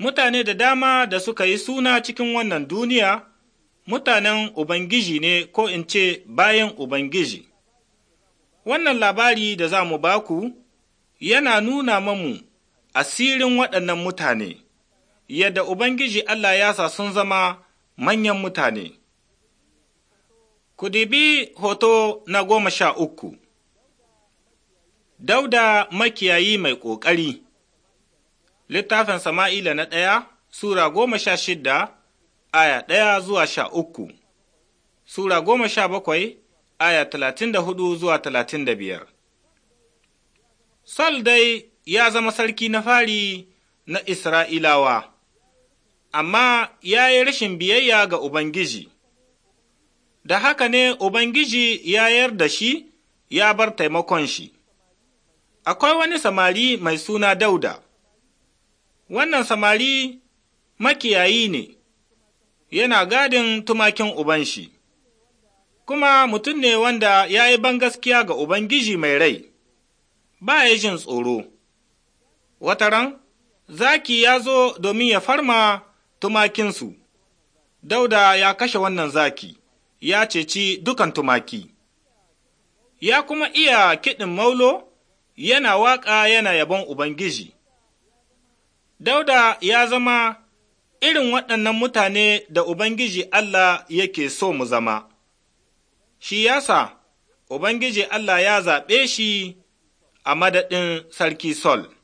mutane da dama da suka yi suna cikin wannan duniya, mutanen Ubangiji ne ko in ce bayan Ubangiji. Wannan labari da za mu baku yana nuna mamu asirin waɗannan mutane, yadda Ubangiji Allah ya sa sun zama manyan mutane. Ku dibi hoto na goma sha uku, Dauda makiyayi mai ƙoƙari. Littafin Sama'ila na ɗaya, Sura goma sha shidda, aya ɗaya zuwa sha uku, Sura goma sha bakwai, aya talatin da hudu zuwa talatin da biyar. Sal dai ya zama sarki na fari na Isra'ilawa, amma ya yi rashin biyayya ga Ubangiji, da haka ne Ubangiji ya yar da shi ya bar taimakon shi. Akwai wani samari mai suna Dauda. wannan samari makiyayi ne, yana gadin tumakin Ubanshi, kuma mutum ne wanda ya yi bangaskiya ga Ubangiji mai rai, ba ya jin tsoro. Wataran, zaki ya zo domin ya farma tumakinsu, dauda ya kashe wannan zaki, ya ceci dukan tumaki. Ya kuma iya kiɗin maulo, yana waƙa yana yabon Ubangiji. Dauda ya zama irin waɗannan mutane da Ubangiji Allah yake so mu zama, shi yasa Ubangiji Allah ya zaɓe shi a madadin Sarki Sol.